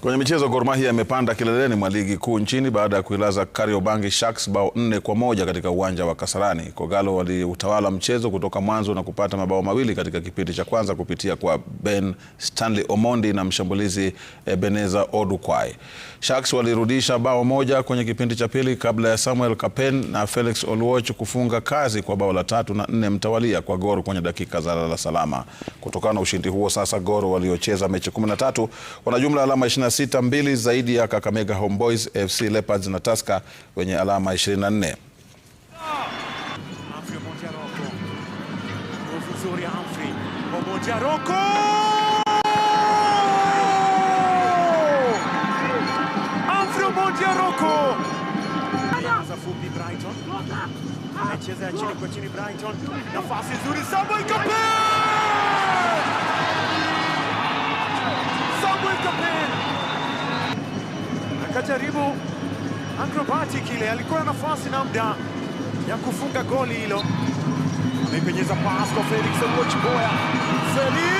Kwenye michezo, Gor Mahia amepanda kileleni mwa ligi kuu nchini baada ya kuilaza Kariobangi Sharks bao nne kwa moja katika uwanja wa Kasarani. Kogalo waliutawala mchezo kutoka mwanzo na kupata mabao mawili katika kipindi cha kwanza kupitia kwa Ben Stanley Omondi na mshambulizi eh, Ebeneza Odukwai. Sharks walirudisha bao moja kwenye kipindi cha pili kabla ya Samuel Kapen na Felix Oluoch kufunga kazi kwa bao la tatu na nne mtawalia kwa Gor kwenye dakika za lala salama. Kutokana na ushindi huo, sasa Gor waliocheza mechi 13 wana jumla alama sita mbili zaidi ya Kakamega Homeboys, FC Leopards na Tusker wenye alama 24. Anacheza chini kwa chini Brighton. Nafasi nzuri sana. kujaribu acrobatic ile, alikuwa na nafasi muda ya kufunga goli hilo. Amepenyeza pass kwa Felix Boya. Felix